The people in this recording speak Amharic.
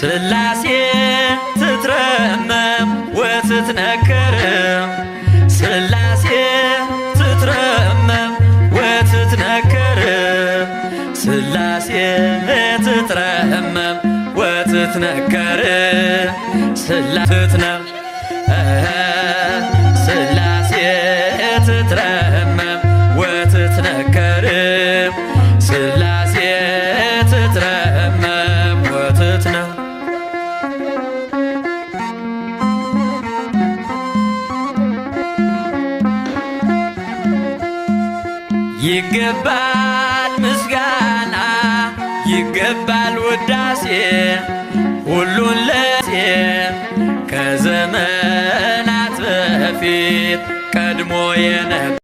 ስላሴ ትትረመም ወትትነከር ስላሴ ትትረመም ወትትነከር ስላሴ ትትረመም ወትትነከር ስላሴ ስላሴ ትትረ ይገባል ምስጋና ይገባል ውዳሴ ሁሉን ለሴ ከዘመናት በፊት ቀድሞ የነበ